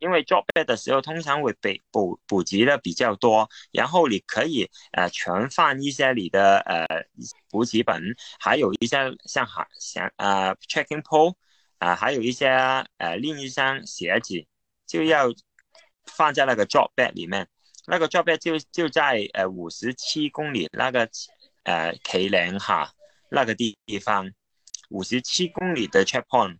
因為 drop bag 的時候，通常會被補補,補給的比較多，然後你可以，誒、呃，存放一些你的，誒、呃，補給本，還有一些像海，像，啊、呃、，checking pole，啊、呃，還有一些，誒、呃，另一雙鞋子，就要放在那個 drop bag 裏面。那個 drop bag 就就在，誒、呃，五十七公里那個誒，企嶺下，那個地方，五十七公里的 check point。